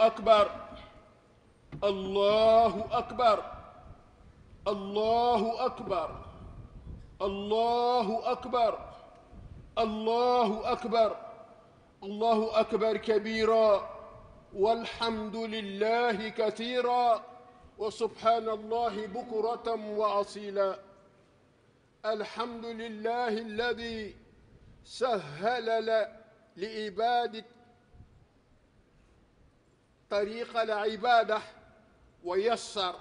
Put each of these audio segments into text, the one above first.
akbar allahu akbar allahu akbar allahu akbar allahu akbar allahu akbar kabira walhamdu lillahi katira wa subhanallahi bukratan wa asila alhamdu lillahi alladi sahhala li ibadati طريق العبادة ويسر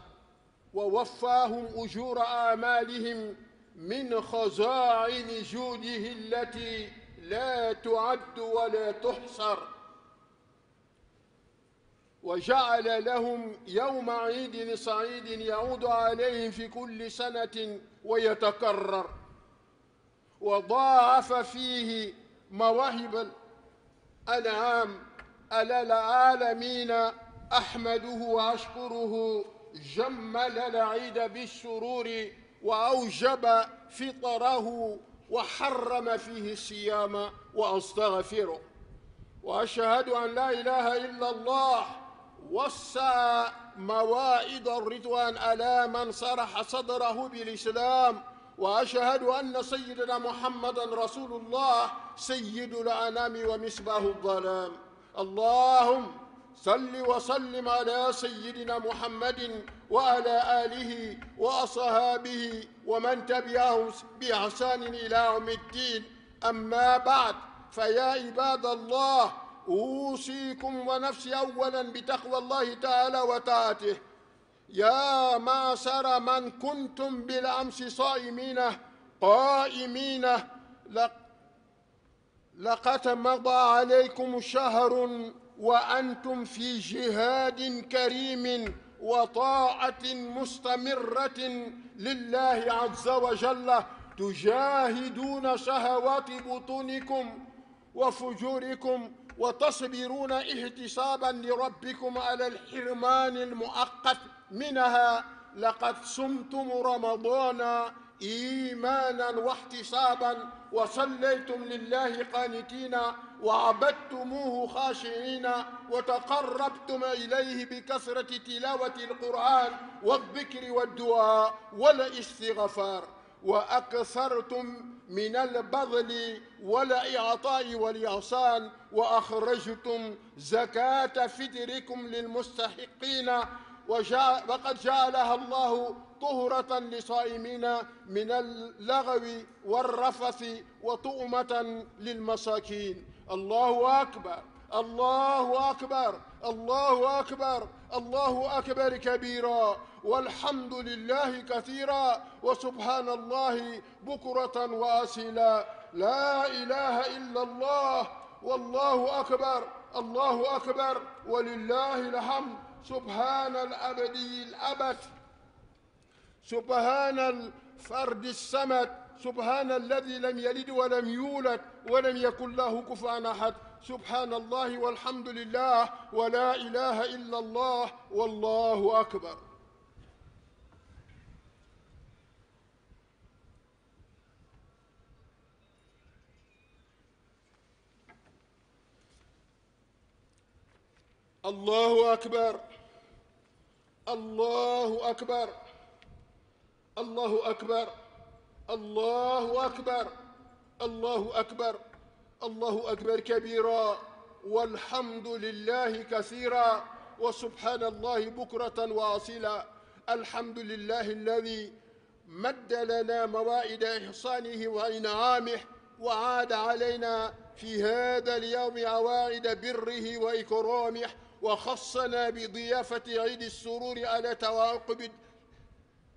ووفاهم أجور آمالهم من خزائن جوده التي لا تعد ولا تحصر وجعل لهم يوم عيد سعيد يعود عليهم في كل سنة ويتكرر وضاعف فيه مواهب الأنعام ألا العالمين أحمده وأشكره جمل العيد بالسرور وأوجب فطره وحرم فيه الصيام وأستغفره وأشهد أن لا إله إلا الله وسع موائد الرضوان على من صرح صدره بالإسلام وأشهد أن سيدنا محمدا رسول الله سيد الأنام ومصباح الظلام اللهم صل وسلم على سيدنا محمد وعلى آله وأصحابه ومن تبعهم بإحسان إلى يوم الدين أما بعد فيا عباد الله أوصيكم ونفسي أولا بتقوى الله تعالى وطاعته يا معشر من كنتم بالأمس صائمين قائمين لقد لقد مضى عليكم شهر وأنتم في جهاد كريم وطاعة مستمرة لله عز وجل تجاهدون شهوات بطونكم وفجوركم وتصبرون احتسابا لربكم على الحرمان المؤقت منها لقد صمتم رمضان ايمانا واحتسابا وصليتم لله قانتين وعبدتموه خاشعين وتقربتم اليه بكثره تلاوه القران والذكر والدعاء والاستغفار واكثرتم من البذل والاعطاء والاحسان واخرجتم زكاه فدركم للمستحقين وقد جعلها الله طهرة لصائمين من اللغو والرفث وطؤمة للمساكين الله أكبر الله أكبر الله أكبر الله أكبر كبيرا والحمد لله كثيرا وسبحان الله بكرة وأسيلا لا إله إلا الله والله أكبر الله أكبر ولله الحمد سبحان الأبدي الأبد سبحان الفرد الصمد سبحان الذي لم يلد ولم يولد ولم يكن له كفوا أحد سبحان الله والحمد لله ولا إله إلا الله والله أكبر الله أكبر allahu akbar allahu akbar allahu akbar allahu akbar allahu akbar kabira walhamdu lillahi kasira وسبحان الله بكرة واصلا الحمد لله الذي مد لنا موائد إحصانه وإنعامه وعاد علينا في هذا اليوم عوائد بره وإكرامه وخصنا بضيافة عيد السرور على تواقب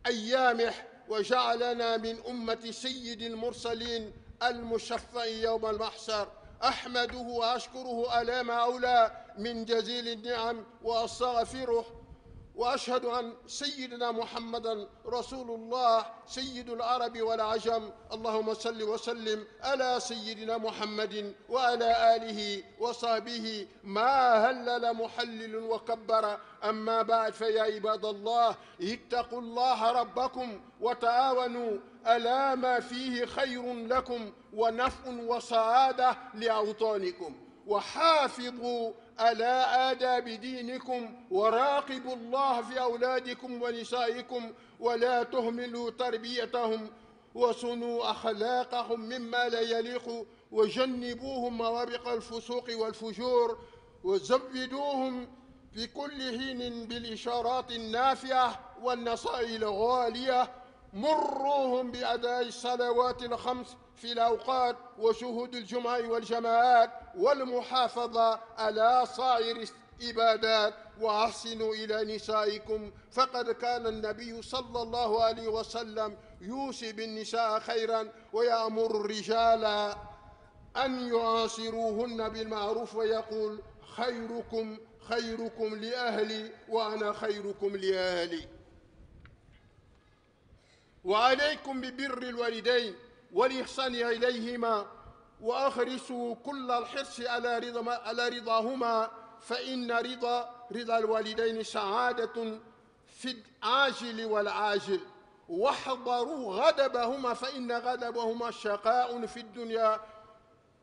أيامه وجعلنا من أمة سيد المرسلين المشفع يوم المحشر أحمده وأشكره على ما أولى من جزيل النعم وأستغفره واشهد ان سيدنا محمدا رسول الله سيد العرب والعجم اللهم صل وسلم على سيدنا محمد وعلى اله وصحبه ما هلل محلل وكبر اما بعد فيا عباد الله اتقوا الله ربكم وتعاونوا الا ما فيه خير لكم ونفع وسعاده لاوطانكم وحافظوا على آداب دينكم وراقبوا الله في أولادكم ونسائكم ولا تهملوا تربيتهم وصنوا أخلاقهم مما لا يليق وجنبوهم موابق الفسوق والفجور وزودوهم في كل حين بالإشارات النافعة والنصائح الغالية مروهم بأداء الصلوات الخمس في الأوقات وشهود الجمع والجماعات والمحافظة على صائر عبادات وأحسنوا إلى نسائكم فقد كان النبي صلى الله عليه وسلم يوصي بالنساء خيرا ويأمر الرجال أن يعاصروهن بالمعروف ويقول خيركم خيركم لأهلي وأنا خيركم لأهلي وعليكم ببر الوالدين والإحسان إليهما وأخرسوا كل الحرص على رضا على رضاهما فإن رضا رضا الوالدين سعادة في العاجل والعاجل واحضروا غضبهما فإن غضبهما شقاء في الدنيا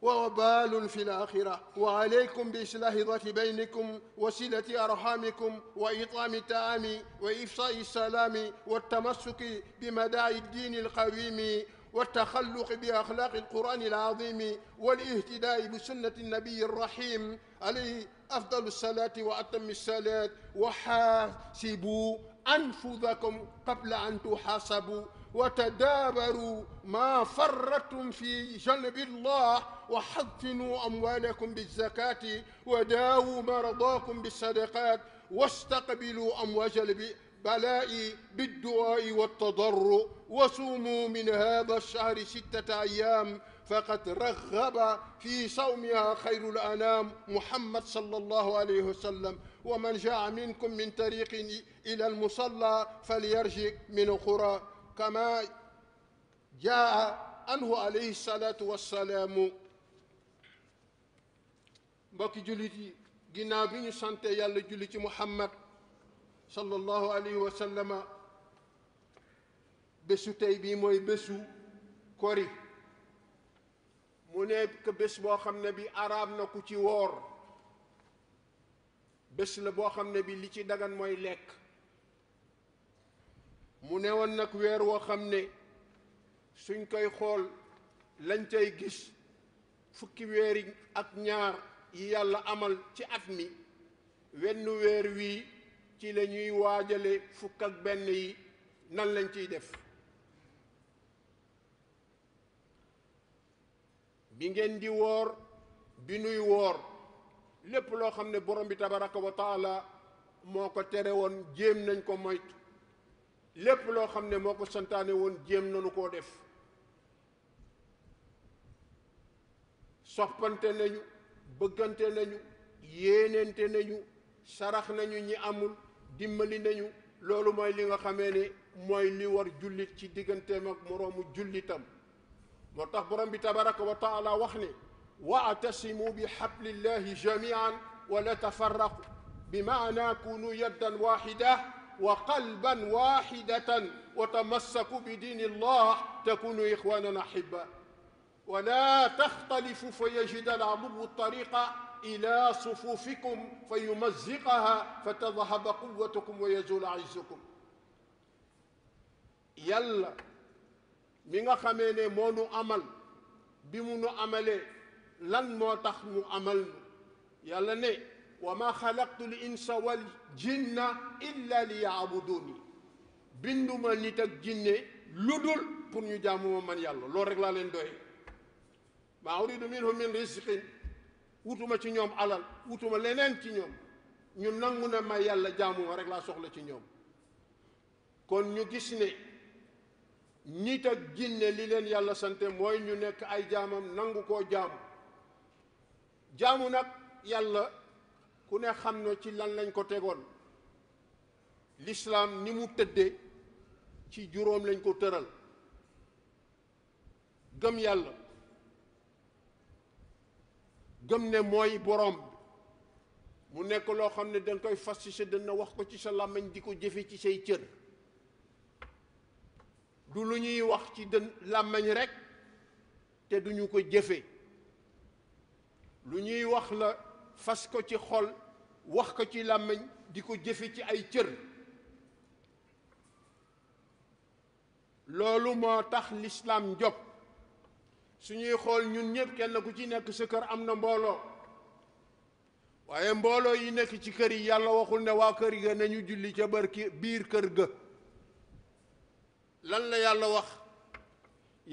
ووبال في الآخرة وعليكم بإصلاح ذات بينكم وصلة أرحامكم وإطعام الطعام وإفشاء السلام والتمسك بمداعي الدين القويم والتخلق بأخلاق القرآن العظيم والاهتداء بسنة النبي الرحيم عليه أفضل الصلاة وأتم الصلاة وحاسبوا أنفسكم قبل أن تحاسبوا وتدابروا ما فرطتم في جنب الله وحضنوا أموالكم بالزكاة وداووا مرضاكم بالصدقات واستقبلوا أمواج البلاء بالدعاء والتضرع وصوموا من هذا الشهر ستة أيام فقد رغب في صومها خير الأنام محمد صلى الله عليه وسلم ومن جاء منكم من طريق إلى المصلى فليرجع من أخرى كما جاء عنه عليه الصلاة والسلام mbokki jullit yi ginnaaw bi ñu sante yàlla julli ci Muhammad sallallahu alayhi wa sallama bésu tey bii mooy bésu kori mu nekk bés boo xam ne bi araab na ku ci woor bés la boo xam ne bi li ci daggan mooy lekk mu ne woon nag weer woo xam ne suñ koy xool lañ cay gis fukki weeri ak ñaar yi yàlla amal ci at mi wenn weer wii ci la ñuy waajale fukk ak benn yi nan lañ ciy def bi ngeen di woor bi nuy woor lépp loo xam ne borom bi tabaraka wa moo ko tere woon jéem nañ ko moyt lépp loo xam ne moo ko santaane woon jéem nanu koo def soppante nañu bëggante nañu yéenente nañu sarax nañu ñi amul dimbali nañu loolu mooy li nga xamee ni mooy li war jullit ci digganteem ak moroomu jullitam moo tax borom bi tabaraka wa taala wax ne waatasimu bi xablillahi jamian wala tafarraqu bi maana kunu yaddan waxida wa qalban waxidatan wa tamassaku bi diini llah takunu ixwanan axiba wala taxtalifu fa yajid al tariqa ila sufufikum fa yumazziqaha fa tadhhaba quwwatukum wa yazul izzukum yàlla mi nga xamee ne moo nu amal bi mu nu amalee lan moo tax mu amal nu yàlla ne wa ma xalaqtu l insa wal jinna illa li yaabuduni binduma nit ak jinne lu dul pour ñu jaamu ma man yàlla loolu rek laa leen doy maa uridu minhum min rizqin wutuma ci ñoom alal wutuma leneen ci ñoom ñu nangu ne ma yàlla jaamuma rek laa soxla ci ñoom kon ñu gis ne nit ak jinne li leen yàlla sante mooy ñu nekk ay jaamam nangu koo jaamu jaamu nag yàlla ku ne xam na ci lan lañ ko tegoon lislaam ni mu tëddee ci juróom lañ ko tëral gëm yàlla gëm ne mooy boroom mu nekk loo xam ne danga koy fas ci sa dënn wax ko ci sa làmmiñ di ko jëfe ci say cër du lu ñuy wax ci dën làmmiñ rekk te duñu ko jëfe lu ñuy wax la fas ko ci xol wax ko ci làmmiñ di ko jëfe ci ay cër loolu moo tax lislaam jóg suñuy xool ñun ñëpp kenn ku ci nekk sa kër am na mbooloo waaye mbooloo yi nekk ci kër yi yàlla waxul ne waa kër ga nañu julli ca bër biir kër ga lan la yàlla wax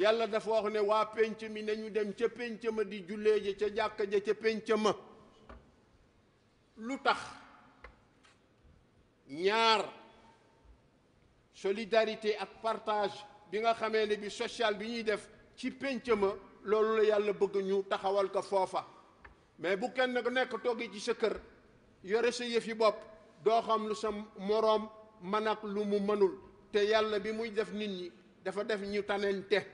yàlla dafa wax ne waa pénc mi nañu dem ca pénc ma di jullee ja ca jàkka ja ca pénc ma lu tax ñaar solidarité ak partage bi nga xamee ne bi social bi ñuy def ci pénc ma loolu la yàlla bëgg ñu taxawal ko foofa mais bu kenn ku nekk toggee ci sa kër yore sa yëf yi bopp doo xam lu sa moroom man ak lu mu mënul te yàlla bi muy def nit ñi dafa def ñu tanente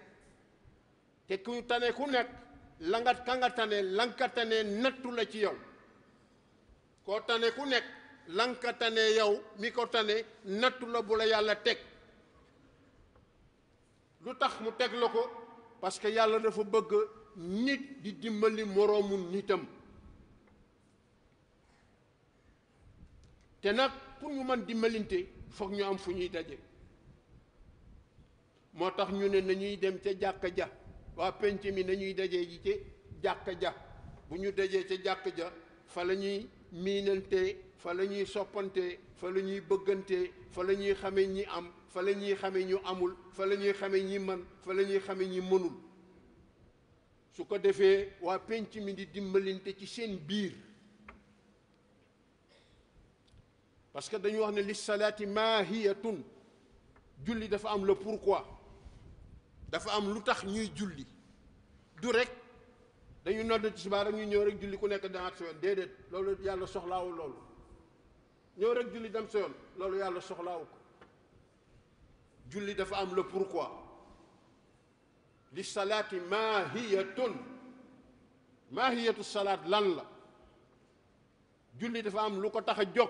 te ku tane ku nekk la nga ka nga tane la tane nattu la ci yow koo tane ku nekk la nga tane yow mi ko tane nattu la bu la yàlla teg lu tax mu teg la ko parce que yàlla dafa bëgg nit di dimmali moroomu nitam te nag pour ñu mën dimbalinte foog ñu am fu ñuy daje moo tax ñu ne nañuy dem ca jàkka ja waa penc mi nañuy dajee ji ca jàkka ja bu ñu dajee ca jàkka ja fa lañuy ñuy miinante fa la ñuy soppante fa la ñuy bëggante fa la ñuy xamee ñi am fa la ñuy xamee ñu amul fa la ñuy xamee ñi man fa la ñuy xamee ñi mënul su ko defee waa penc mi di dimbalinte ci seen biir parce que dañu wax ne li salaati maahiyatun julli dafa am le pourquoi dafa am lu tax ñuy julli du rek dañu nodd ci subaa rek ñu ñëw rek julli ku nekk danaat sa yoon déedéet loolu yàlla soxlaawu loolu ñëw rek julli dem sa yoon loolu yàlla soxlaawu ko julli dafa am le pourquoi li salaati maahiyatun maahiyatu salaat lan la julli dafa am lu ko tax a jóg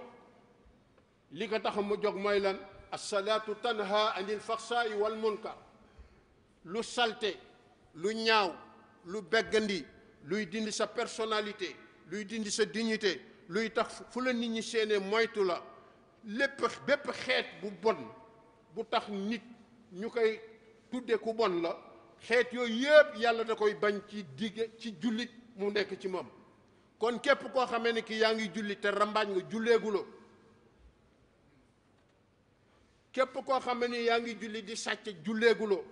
li ko tax mu jóg mooy lan assalaatu tanha anil faxsaayi wal monka lu salte lu ñaaw lu beggandi luy dindi sa personnalité luy dind sa dignité luy tax fu la nit ñi seenee moytu la lépp bépp xeet bu bon bu tax nit ñu koy tudde ku bon la xeet yooyu yëpp yàlla da koy bañ ci digge ci jullit mu nekk ci moom kon képp koo xamee ni ki yaa ngiy julli te rambaaj nga julleeguloo képp koo xamee ni yaa ngi julli di sàcc julleeguloo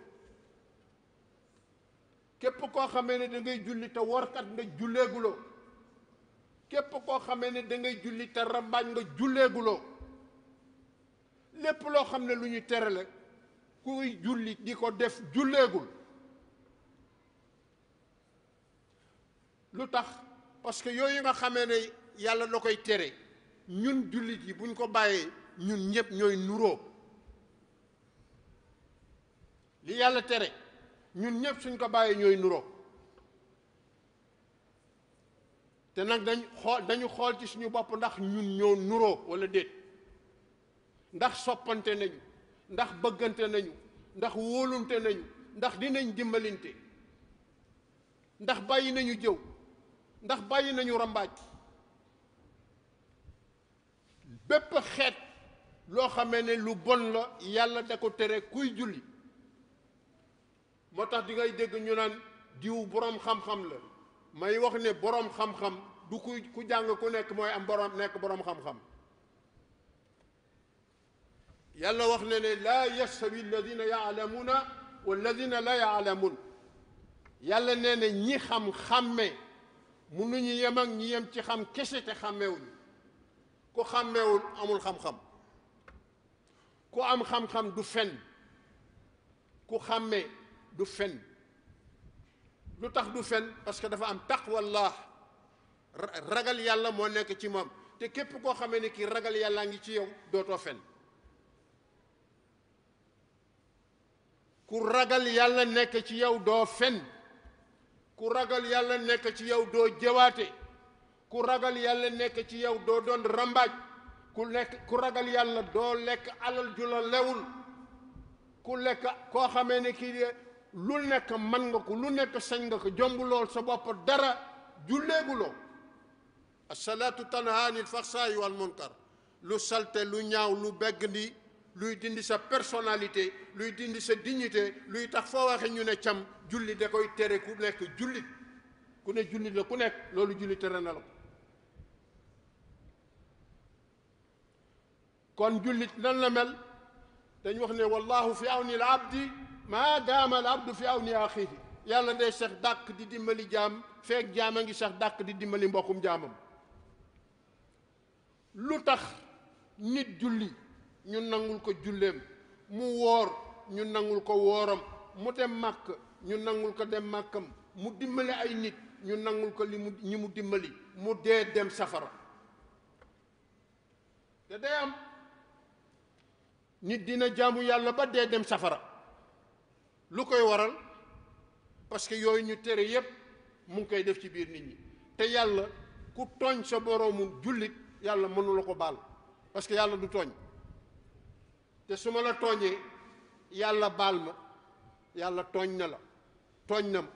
képp koo xamee ne da julli te workat nga julleeguloo képp koo xamee ne dangay julli te rambaaj nga julleeguloo lépp loo xam ne lu ñu tere la kuy julli di ko def julleegul lu tax parce que yooyu nga xamee ne yàlla la koy tere ñun jullit yi buñ ko bàyyee ñun ñëpp ñooy nuroo li yàlla tere ñun ñëpp suñ ko bàyyee ñooy nuroo te nag dañ xool dañu xool ci suñu bopp ndax ñun ñoo nuroo walla déet ndax soppante nañu ndax bëggante nañu ndax wóolunte nañu ndax dinañ dimbalinte ndax bàyyi nañu jëw ndax bàyyi nañu rambaaj bépp xeet loo xame ne lu bon la yàlla da ko tere kuy julli moo tax di ngay dégg ñu naan diw boroom xam-xam la may wax ne boroom xam-xam du ku ku jàng ku nekk mooy am boroom nekk boroom xam-xam yàlla wax ne ne laa yastawi alladina yaalamuuna walladina la yaalamuun yàlla nee na ñi xam xàmme mënuñu yem ak ñi yem ci xam kese te xàmmewuñ ku xàmmewul amul xam-xam ku am xam-xam du fenn ku xàmme du fenn lu tax du fen parce que dafa am taqwallah ragal yàlla moo nekk ci moom te képp koo xamee ne kii ragal yàllaa ngi ci yow dootoo fenn ku ragal yàlla nekk ci yow doo fen ku ragal yàlla nekk ci yow doo jëwaate ku ragal yàlla nekk ci yow doo doon rambaaj ku lekk ragal yàlla doo lekk alal ju la lewul ku lekk koo xamee ne kii lu nekk man nga ko lu nekk sañ nga ko jomb lool sa bopp dara julleeguloo asalaatu tanha anil faxsaayi wal munkar lu salte lu ñaaw lu begg ndi luy dindi sa personnalité luy dindi sa dignité luy tax foo waxe ñu ne cam julli da koy tere ku nekk jullit ku ne jullit la ku nekk loolu julli tere na la ko kon jullit nan la mel dañ wax ne wallahu fi awni al abdi maa daama al abdu fi awni axihi yàlla day seex dàkk di dimbali jaam feek jaam a ngi sax dàq di dimmali mbokkum jaamam lu tax nit julli ñu nangul ko julleem mu woor ñu nangul ko wooram mu dem màkk ñu nangul ko dem màkkam mu dimbali ay nit ñu nangul ko li mu ñi mu dimbali mu dee dem safara te day am nit dina jaamu yàlla ba dee dem safara lu koy waral parce que yooyu ñu tere yépp mu ngi koy def ci biir nit ñi te yàlla ku tooñ sa boroomu jullit yàlla mënula ko baal parce que yàlla du tooñ te su ma la tooñee yàlla baal ma yàlla tooñ na la tooñ na ma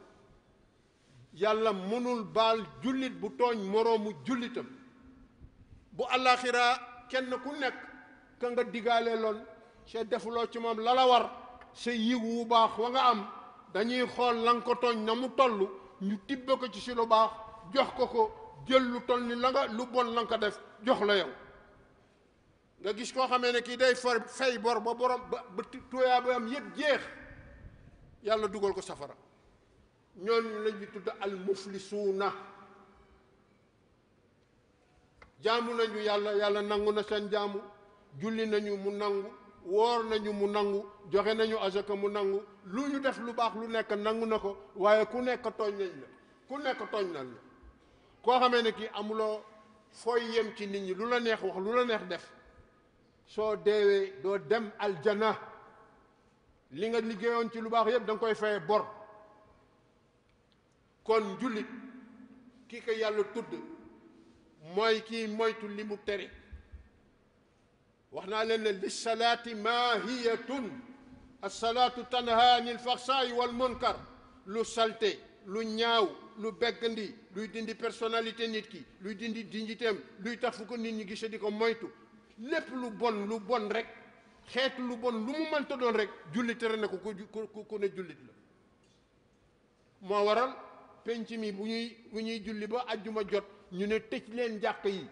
yàlla mënul baal jullit bu tooñ moroomu jullitam bu àllaaxira kenn ku nekk ka nga digaale loon se defuloo ci moom lala war sa yiw wu baax wa nga am dañuy xool la nga ko tooñ na mu toll ñu tibb ko ci si lu baax jox ko ko jël lu toll la nga lu bon la ko def jox la yow nga gis koo xamee ne kii day for fay bor ba borom ba ba tuyaa ba jeex yàlla dugal ko safara ñooñu lañu tudd al muflisuuna jaamu nañu yàlla yàlla nangu na seen jaamu julli nañu mu nangu woor nañu mu nangu joxe nañu azaka mu nangu lu ñu def lu baax lu nekk nangu na ko waaye ku nekk tooñ nañ la ku nekk tooñ nañ la koo xamee ne kii amuloo fooy yem ci nit ñi lu la neex wax lu la neex def soo deewee doo dem aljana li nga liggéeyoon ci lu baax yépp da koy faye bor kon njullit ki ko yàlla tudd mooy kii moytu li mu tere wax naa leen ne li salaati maahiyatun assalaatu tanha anil faxsaayi wal munkar lu salte lu ñaaw lu beggandi luy dindi personnalité nit ki luy dindi dignitéem luy tax fu ko nit ñi gise di ko moytu lépp lu bon lu bon rek xeet lu bon lu mu mënta doon rek jullit tere na ko ku ku ne jullit la moo waral penc mi bu ñuy bu ñuy julli ba àjjuma jot ñu ne tëj leen jàkk yi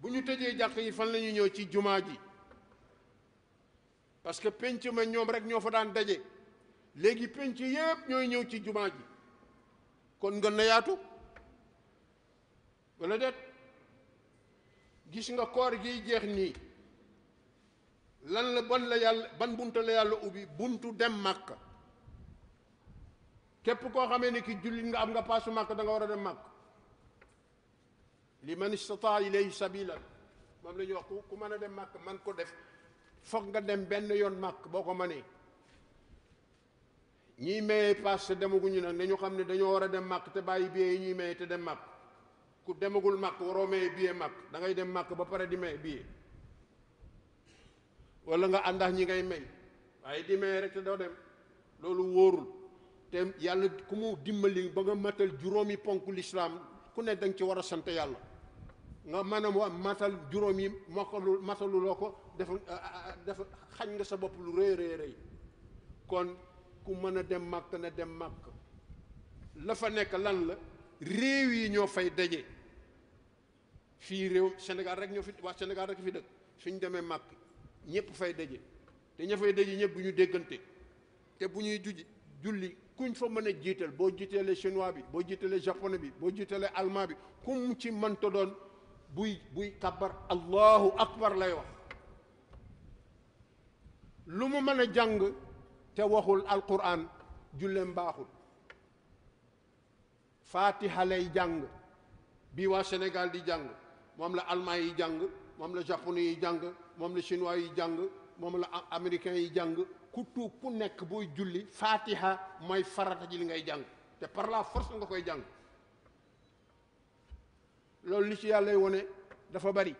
bu ñu tëjee jàkk yi fan la ñuy ñëw ci jumaa ji parce que penc ma ñoom rek ñoo fa daan daje léegi penc yépp ñooy ñëw ci jumaa ji kon gën na yaatu wala gis nga koor gi jeex nii lan la ban la yàlla ban buntu la yàlla ubbi buntu dem màkk képp koo xamee ne kii jullit nga am nga paasu màkk da nga war a dem màkk li man istataa ilayhi sabilan moom la ñuy wax ku ku mën a dem màkk man ko def foog nga dem benn yoon màkk boo ko mënee ñiy mayee paas te demaguñu nag dañu xam ne dañoo war a dem màkk te bàyyi biyee yi ñuy mayee te dem màkk ku demagul màkk waroo maye billet màkk da ngay dem màkk ba pare di may billet wala nga àndax ñi ngay may waaye di may rek te doo dem loolu wóorul te yàlla ku mu dimbali ba nga matal juróomi ponk lislaam ku ne danga ci war a sant yàlla nga maanaam wa matal juróom yi mokkalu mataluloo ko def def xañ nga sa bopp lu rëy rëye rëy kon ku mën a dem màkk na dem màkk la fa nekk lan la réew yi ñoo fay daje fii réew Sénégal rek ñoo fi waa Sénégal rek fi dëkk suñ demee màkk ñëpp fay daje te ña fay daje ñëpp bu ñu déggante te bu ñuy juj julli kuñ fa mën a jiital boo jiitalee chinois bi boo jiitalee japonais bi boo jiitalee allemand bi ku ci mënta doon buy buy kabar allahu akbar lay wax lu mu mën a jàng te waxul alquran julleem baaxul faatiha lay jàng bi waa Sénégal di jàng moom la allemand yi jàng moom la japonais yi jàng moom la chinois yi jàng moom la américain yi jàng ku tuub ku nekk booy julli fatiha mooy farata ji li ngay jàng te par la force nga koy jàng loolu li ci yàlla wone dafa bari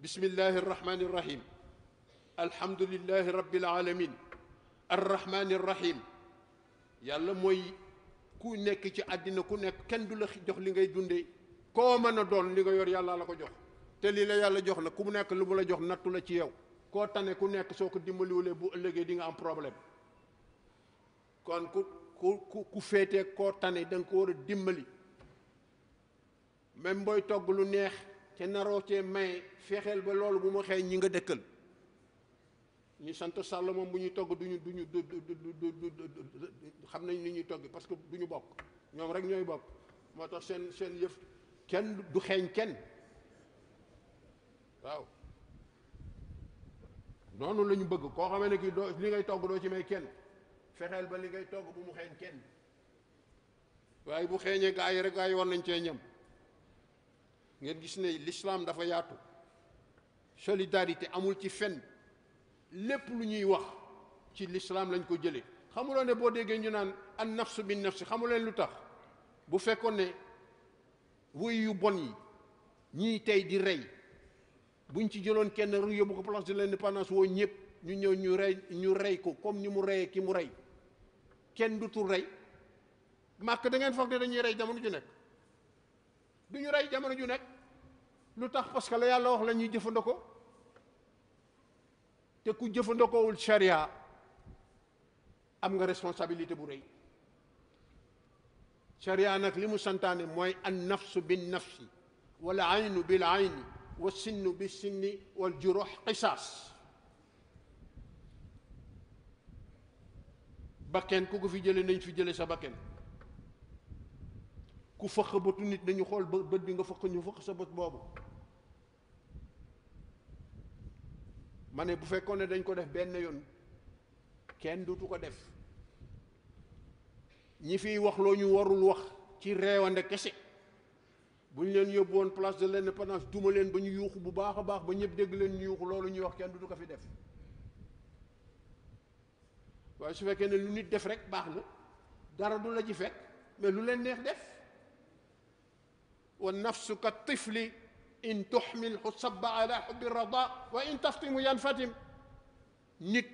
bismillahi irrahmani irrahim alhamdulillahi rabbil yàlla mooy ku nekk ci àddina ku nekk kenn du la jox li ngay dundee koo mën a doon li nga yor yàlla la ko jox te lii la yàlla jox na ku nekk lu mu la jox nattu la ci yow koo tane ku nekk soo ko dimbaliwulee bu ëllëgee di nga am problème kon ku ku ku féetee koo tane danga ko war a dimbali même booy togg lu neex te naroo cee maye fexeel ba loolu bu ma xeeñ ñi nga dëkkal ñi sant Sall moom bu ñuy togg duñu duñu du xam nañ ni ñuy togg parce que du bokk ñoom rek ñooy bokk moo tax seen seen yëf kenn du xeeñ kenn waaw noonu la ñu bëgg koo xamee ne kii doo ngay togg doo ci kenn fexeel ba li ngay togg bu mu xeeñ waaye bu xeeñee gaa yi rek gaa yi war nañ cee ñam ngeen gis ne lislaam dafa yaatu solidarité amul ci fen lépp lu ñuy wax ci lislaam lañ ko jëlee xamuloo ne boo déggee ñu naan an nafsu bin nafsi xamuleen lu tax bu fekkoon ne woy bon yi ñii tey di rey buñ ci jëloon kenn ru yóbbu ko place de l'indépendance woo ñëpp ñu ñëw ñu rey ñu rey ko comme ni mu reyee ki mu rey kenn dutul rey màkk da ngeen foog ne dañuy rey jamono ju nekk du ñu rey jamono ju nekk lu tax parce que la yàlla wax la ñuy jëfandikoo te ku jëfandikoowul charia am nga responsabilité bu rëy charia nag li mu santaane mooy an nafsu bin nafsi wal aynu bil ayni wa sinnu bi sinni wal juruh qisaas bakken ku ko fi jële nañ fi jële sa bakken ku fëq bëtu nit nañu xool bët bi nga fëq ñu fëq sa bët boobu ma ne bu fekkoon ne dañ ko def benn yoon kenn dutu ko def ñi fiy wax loo ñu warul wax ci reewande kese bu ñu leen yóbbu woon place de l'indépendance duma leen ba ñu yuuxu bu baax a baax ba ñëpp dégg leen ñu yuuxu loolu ñuy wax kenn dutu ko fi def waaye su fekkee ne lu nit def rek baax na dara du la ci fekk mais lu leen neex def wa nafsu ka tifli in tuxmilhu sabba ala xubbi rada wa in taftimu yanfatim nit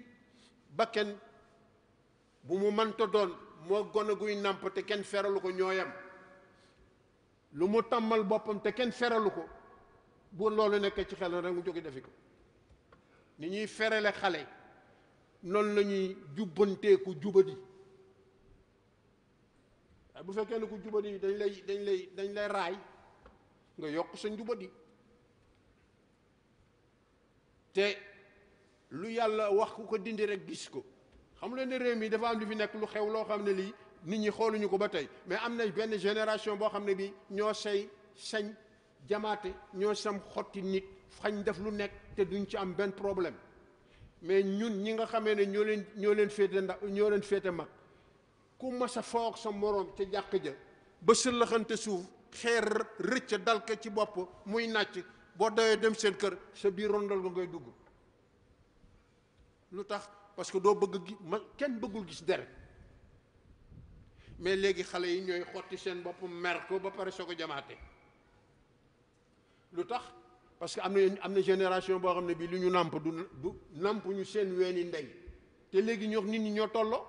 bakken bu mu mënta doon moo gone guy nàmp te kenn feralu ko ñooyam lu mu tàmmal boppam te kenn feralu ko bu loolu nekkee ci xel rek mu jóge defi ko ni ñuy ferale xale noonu la ñuy jubbanteeku jubadi bu fekkee ne ku jubadi dañ lay dañ lay dañ lay raay nga yokk sa njubadi te lu yàlla wax ku ko dindi rek gis ko xam leen ne réew mi dafa am lu fi nekk lu xew loo xam ne lii nit ñi xooluñu ko ba tey mais am na benn génération boo xam ne bii ñoo say sañ jamaate ñoo sam xotti nit xañ def lu nekk te duñ ci am benn problème mais ñun ñi nga xamee ne ñoo leen ñoo leen féete ndax ñoo leen féete mag ku mas a foog sa moroom ca jàq ja ba sëllaxante suuf xeer rëcc dal ko ci bopp muy nàcc boo dawee dem seen kër sa biir rondal nga ngay dugg lu tax parce que doo bëgg gi ma kenn bëggul gis deret mais léegi xale yi ñooy xotti seen bopp mer ba pare soo ko jamaate lu tax parce que am na am na génération boo xam ne bii lu ñu nàmp du du nàmp ñu seen weeni ndey te léegi ñoo nit ñi ñoo tolloo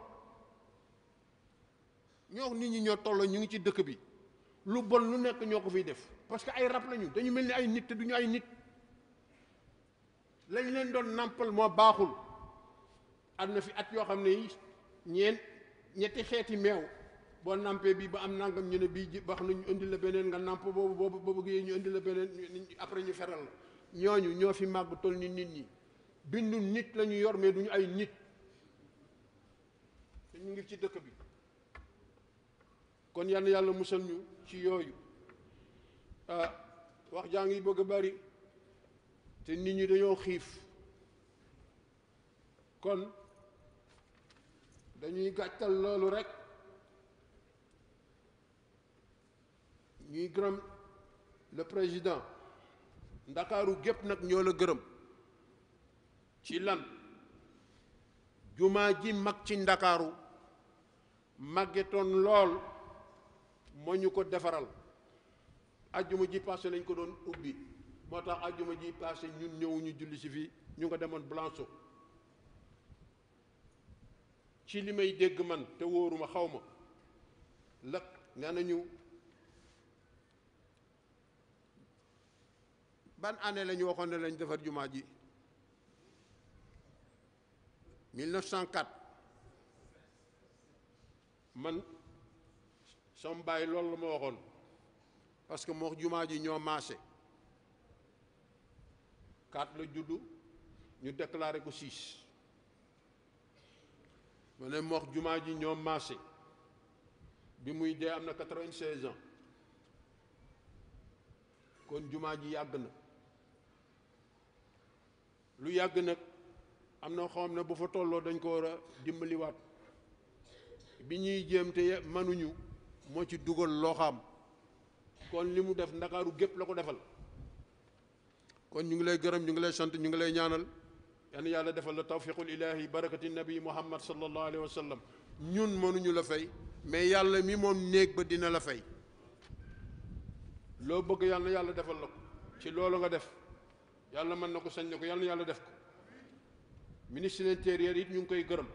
ñoo nit ñi ñoo tolloo ñu ngi ci dëkk bi lu bon lu nekk ñoo ko fiy def parce que ay rab lañu dañu mel ni ay nit te duñu ay nit lañ leen doon nàmpal moo baaxul am na fi at yoo xam ne yi ñeen ñetti xeeti meew boo nàmpee bii ba am nangam ñu ne bii ji wax nañu indi la beneen nga nàmp boobu boobu boobu gi ñu indi la beneen après ñu feral la ñooñu ñoo fi màgg toll ni nit ñi bindu nit la yormee yor mais duñu ay nit te ñu ngi ci dëkk bi kon yal yàlla musal ñu ci yooyu ah wax jaa ngi bëgg bari te nit ñi dañoo xiif kon dañuy gàttal loolu rekk ñuy gërëm le président ndakaaru gépp nag ñoo la gërëm ci lan jumaa ji mag ci ndakaaru màggetoon lool moo ñu ko defaral ajjuma ji passé lañ ko doon ubbi moo tax ajjuma ji passé ñun ñëwuñu julli si fii ñu nga demoon Blanco ci li may dégg man te wóoruma xaw ma la nee nañu ban ànnee la ñu waxoon ne lañ defar jumaa ji 1904 man. sama baay loolu la ma waxoon parce que moo jumaa ji ñoo maase quatre la juddu ñu déclaré ko six ma ne moox jumaa ji ñoom maase bi muy dee am na quatre-vingt-seize ans kon jumaa ji yàgg na lu yàgg nag am na xam ne bu fa tolloo dañ ko war a dimbaliwaat bi ñuy jéem te manuñu moo ci dugal loxaam kon li mu def ndakaaru gépp la ko defal kon ñu ngi lay gërëm ñu ngi lay sant ñu ngi lay ñaanal yal na yàlla defal la tawfiqul ilahi barakati nabi muhammad sallallahu alayhi wa sallam ñun mënuñu la fay mais yàlla mi moom néeg ba dina la fay loo bëgg yàlla yàlla defal la ko ci loolu nga def yàlla mën na ko sañ na ko yàlla yàlla def ko ministre de it ñu ngi koy gërëm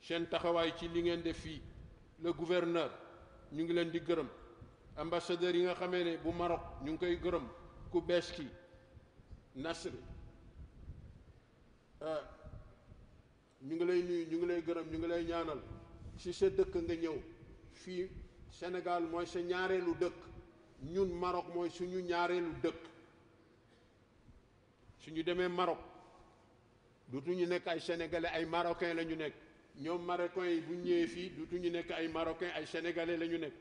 seen taxawaay ci li ngeen def fii le gouverneur ñu ngi leen di gërëm ambassadeur yi nga xamee ne bu Maroc ñu ngi koy gërëm ku bees ki Nasri euh, ñu ngi lay nuyu ñu ngi lay gërëm ñu ngi lay ñaanal ci sa dëkk nga ñëw fii Sénégal mooy sa ñaareelu dëkk ñun Maroc mooy suñu ñaareelu dëkk suñu demee Maroc dootuñu nekk ay sénégalais ay marocains la ñu nekk ñoom marocain yi bu ñëwee fii dutuñu nekk ay marocain ay sénégalais la ñu nekk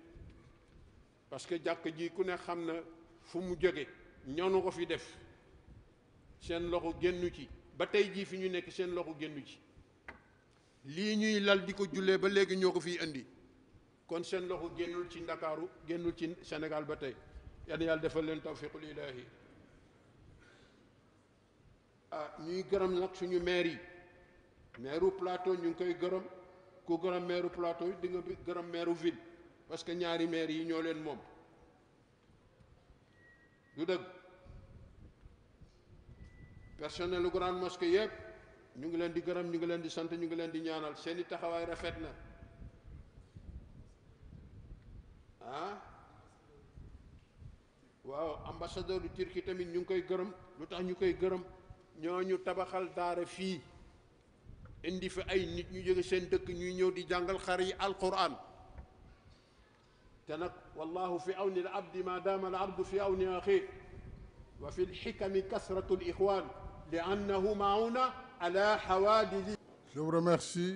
parce que jàkk ji ku ne xam na fu mu jóge ñoonu ko fi def seen loxo génnu ci ba tey jii fi ñu nekk seen loxo génnu ci lii ñuy lal di ko jullee ba léegi ñoo ko fiy indi kon seen loxo génnul ci ndakaaru génnul ci Sénégal ba tey yan yàlla defal leen tawfiqul ilaahi ah ñuy gërëm nag suñu maire yi maire plateau ñu ngi koy gërëm ku gërëm maire plateau yi di nga gërëm maire ville parce que ñaari maire yi ñoo leen moom du dëgg personnel lu grande mosquée yépp ñu ngi leen di gërëm ñu ngi leen di sant ñu ngi leen di ñaanal seeni taxawaay rafet na ah waaw ambassadeur du Turquie tamit ñu ngi koy gërëm lu tax ñu koy gërëm ñoo ñu tabaxal daara fii indi fi ay nit ñu jóge seen dëkk ñuy ñëw di jàngal xar yi alquran te nag wallahu fi awni al abdi ma daama al abdu fi awni axi wa fi lxikami kasratu lixwan li annahu mauna ala hawadidi je vous remercie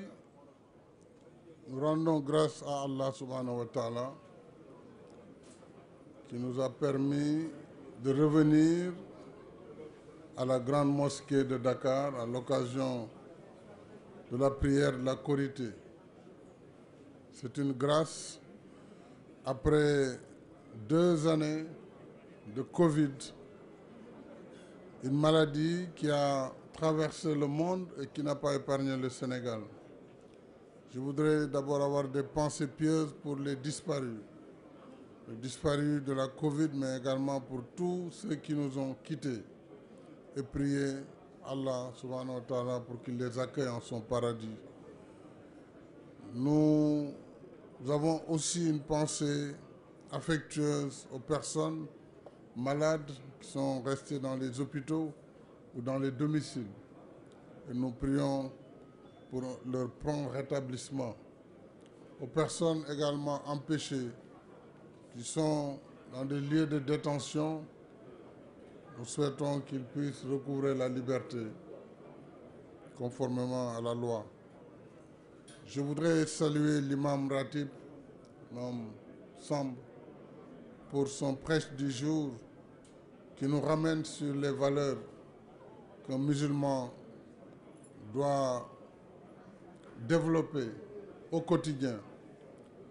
nous rendons grâce à Allah subhanahu wa ta'ala qui nous a permis de revenir à la grande mosquée de Dakar à l'occasion de la prière de la Corité. C'est une grâce après deux années de Covid, une maladie qui a traversé le monde et qui n'a pas épargné le Sénégal. Je voudrais d'abord avoir des pensées pieuses pour les disparus, les disparus de la Covid, mais également pour tous ceux qui nous ont quittés et prier Allah subhanahu wa ta'ala pour qu'il les accueille en son paradis. Nous avons aussi une pensée affectueuse aux personnes malades qui sont restées dans les hôpitaux ou dans les domiciles. Et nous prions pour leur prompt rétablissement. Aux personnes également empêchées qui sont dans des lieux de détention Nous souhaitons qu'il puisse recouvrer la liberté conformément à la loi. Je voudrais saluer l'imam Ratib, Mme Samb, pour son prêche du jour qui nous ramène sur les valeurs qu'un musulman doit développer au quotidien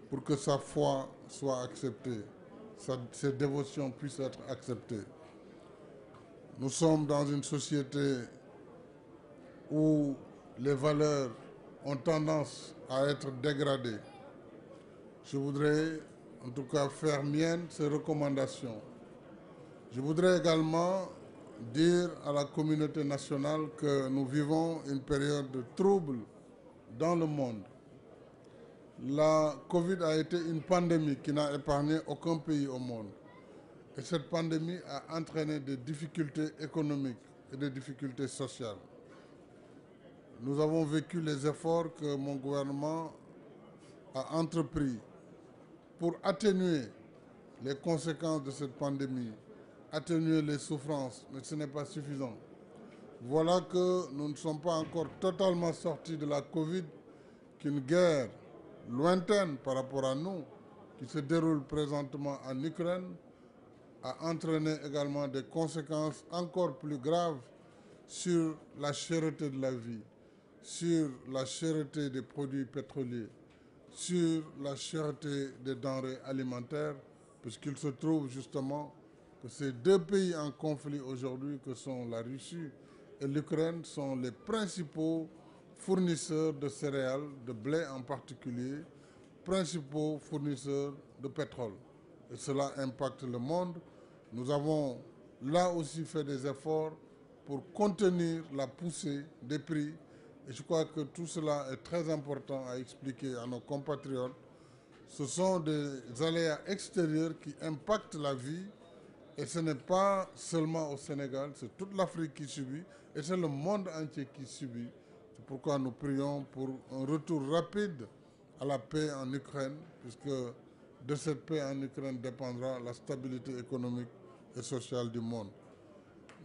pour que sa foi soit acceptée, sa, ses dévotions puissent être acceptées. Nous sommes dans une société où les valeurs ont tendance à être dégradées. Je voudrais en tout cas faire mienne ces recommandations. Je voudrais également dire à la communauté nationale que nous vivons une période de trouble dans le monde. La Covid a été une pandémie qui n'a épargné aucun pays au monde. Et cette pandémie a entraîné des difficultés économiques et des difficultés sociales. Nous avons vécu les efforts que mon gouvernement a entrepris pour atténuer les conséquences de cette pandémie, atténuer les souffrances, mais ce n'est pas suffisant. Voilà que nous ne sommes pas encore totalement sortis de la Covid, qu'une guerre lointaine par rapport à nous, qui se déroule présentement en Ukraine, a entraîné également des conséquences encore plus graves sur la cherté de la vie, sur la cherté des produits pétroliers, sur la cherté des denrées alimentaires, puisqu'il se trouve justement que ces deux pays en conflit aujourd'hui, que sont la Russie et l'Ukraine, sont les principaux fournisseurs de céréales, de blé en particulier, principaux fournisseurs de pétrole. et cela impacte le monde. Nous avons là aussi fait des efforts pour contenir la poussée des prix. Et je crois que tout cela est très important à expliquer à nos compatriotes. Ce sont des aléas extérieurs qui impactent la vie et ce n'est pas seulement au Sénégal, c'est toute l'Afrique qui subit et c'est le monde entier qui subit. C'est pourquoi nous prions pour un retour rapide à la paix en Ukraine, puisque De cette paix en Ukraine dépendra la stabilité économique et sociale du monde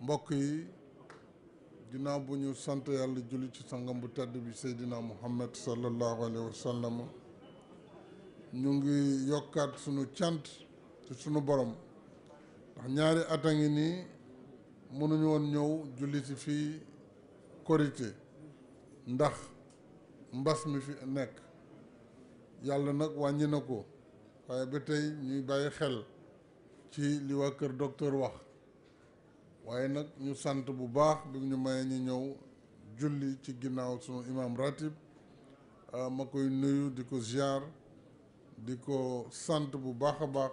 mbokk yi ginnaaw buñu sant yàlla julli ci sangam bu tedd bi Seydina Muhammad sallallahu alayhi wa sallam ñu ngi yokkaat sunu cant ci borom ndax ñaari at a ngi nii mënuñu woon ñëw julli ci fii korité ndax mbas mi fi nekk yàlla nag wàññi na ko. waaye ba tey ñuy bàyyi xel ci li waa kër docteur wax waaye nag ñu sant bu baax bi ñu mayee ñu ñëw julli ci ginnaaw sunu imam ratib ah, ma koy nuyu di ko ziar di ko sant bu baax baax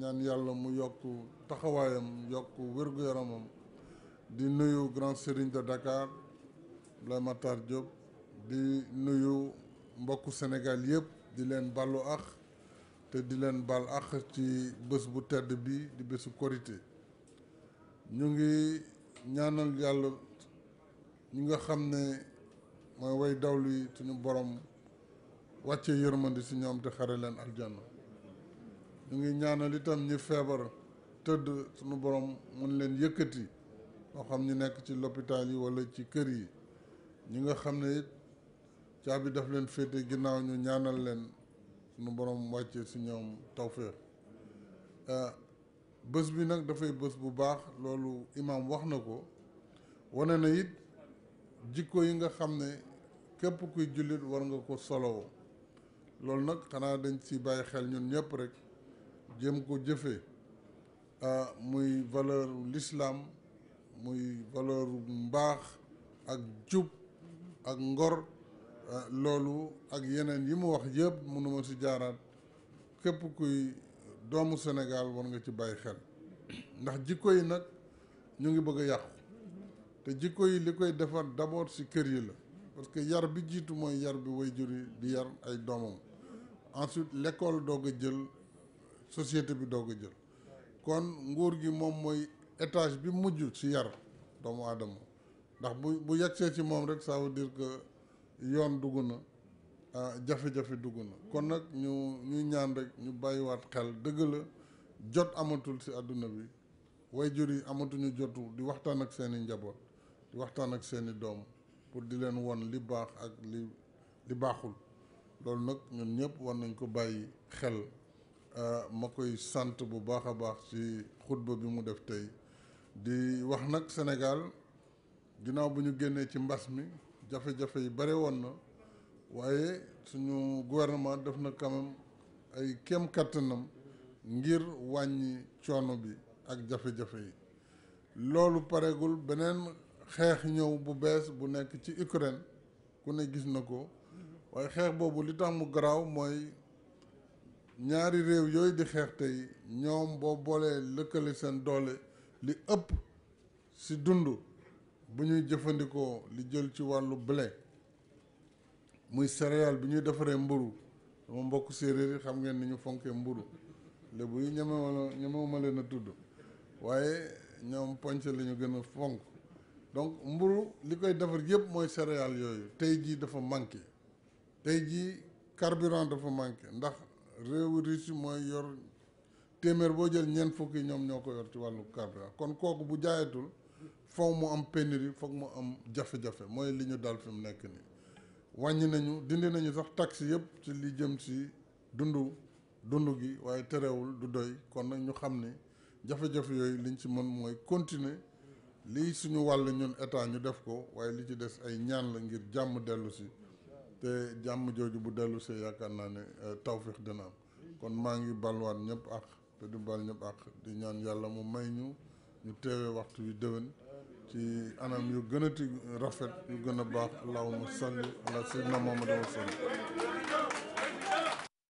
ñaan yàlla mu yokk taxawaayam yokk wér-gu-yaramam di nuyu grand serigne de Dakar Blaye Matar Diop di nuyu mbokku Sénégal yëpp di leen ballu ax te di leen baal àq ci bés bu tedd bi di bésu korité ñu ngi ñaanal yàlla ñu nga xam ne mooy woy dawlu yi suñu borom wàcce yërmandi si ñoom te xare leen aljanna ñu ngi ñaanal itam ñi feebar tëdd suñu borom mun leen yëkkati moo xam ñu nekk ci lopitaal yi wala ci kër yi ñi nga xam ne it caabi daf leen féete ginnaaw ñu ñaanal leen suñu borom wàccee si ñoom tawféex euh, bés bi nag dafay bës bu baax loolu imaam wax na ko wane na it jikko yi nga xam ne képp kuy jullit war nga ko solowoo loolu nag xanaa dañ si bàyyi xel ñun ñëpp rek jéem ko jëfe euh, muy valeur l'islam muy valeur mbaax ak jub ak ngor Euh, loolu ak yeneen yi mu wax yëpp mënuma si jaaraat képp kuy doomu Sénégal war nga ci bàyyi xel ndax jikko yi nag ñu ngi bëgg a yàqu te jikko yi li koy defar d'abord si kër yi la parce que yar bi jiitu mooy yar bi waajur yi di yar ay doomam ensuite lekkool doog a jël société bi doog a jël kon nguur gi moom mooy étage bi mujj si yar doomu aadama ndax bu bu yegsee ci moom rek ça veut que yoon dugg na ah, jafe-jafe dugg na kon nag ñu ñuy ñaan rek ñu bàyyiwaat xel dëgg la jot amatul ci àdduna bi way jur yi amatuñu jotu di waxtaan ak seeni njaboot di waxtaan ak seeni doom pour di leen won li baax ak li li baaxul loolu nag ñun ñëpp war nañ ko bàyyi xel ah, ma koy sant bu baax a baax ci xutba bi mu def tey di wax nag Sénégal ginnaaw bu ñu génnee ci mbas mi jafe-jafe yi bare woon na waaye suñu gouvernement def na quand ay kéem kattanam ngir wàññi coono bi ak jafe-jafe yi loolu pareegul beneen xeex ñëw bu bees bu nekk ci Ukraine ku ne gis na ko waaye xeex boobu li tax mu garaaw mooy ñaari réew yooyu di xeex tey ñoom boo boolee lëkkale seen doole li ëpp si dund bu ñuy jëfandikoo li jël ci wàllu blé muy céréale bi ñuy defaree mburu dama mbokk séeréer yi xam ngeen ni ñu fonkee mburu lébu yi ñemewuma ñemewuma leen a tudd waaye ñoom ponc la gën a fonk donc mburu li koy defar yëpp mooy céréale yooyu tey jii dafa manqué tey jii carburant dafa manqué ndax réewu Russie mooy yor téeméer boo jël ñeent fukk yi ñoom ñoo ko yor ci wàllu carburant kon kooku bu jaayatul foog mu am pénurie foog mu am jafe-jafe mooy li ñu dal fi mu nekk nii wàññi nañu dindi nañu sax taxe yëpp ci li jëm si dundu dund gi waaye terewul du doy kon nag ñu xam ne jafe-jafe yooyu liñ si mën mooy continuer lii suñu wàll ñun état ñu def ko waaye li ci des ay ñaan la ngir jàmm dellu si te jàmm jooju bu dellu see yaakaar naa ne euh, tawféex dina am kon maa ngi balwaat ñëpp ak te du bal ñëpp ak di ñaan yàlla mu may ñu ñu teewee waxtu wi déwén ci anam yu gën a rafet yu gën a baax allahuma salli ala sayyidina muhammad wa sallam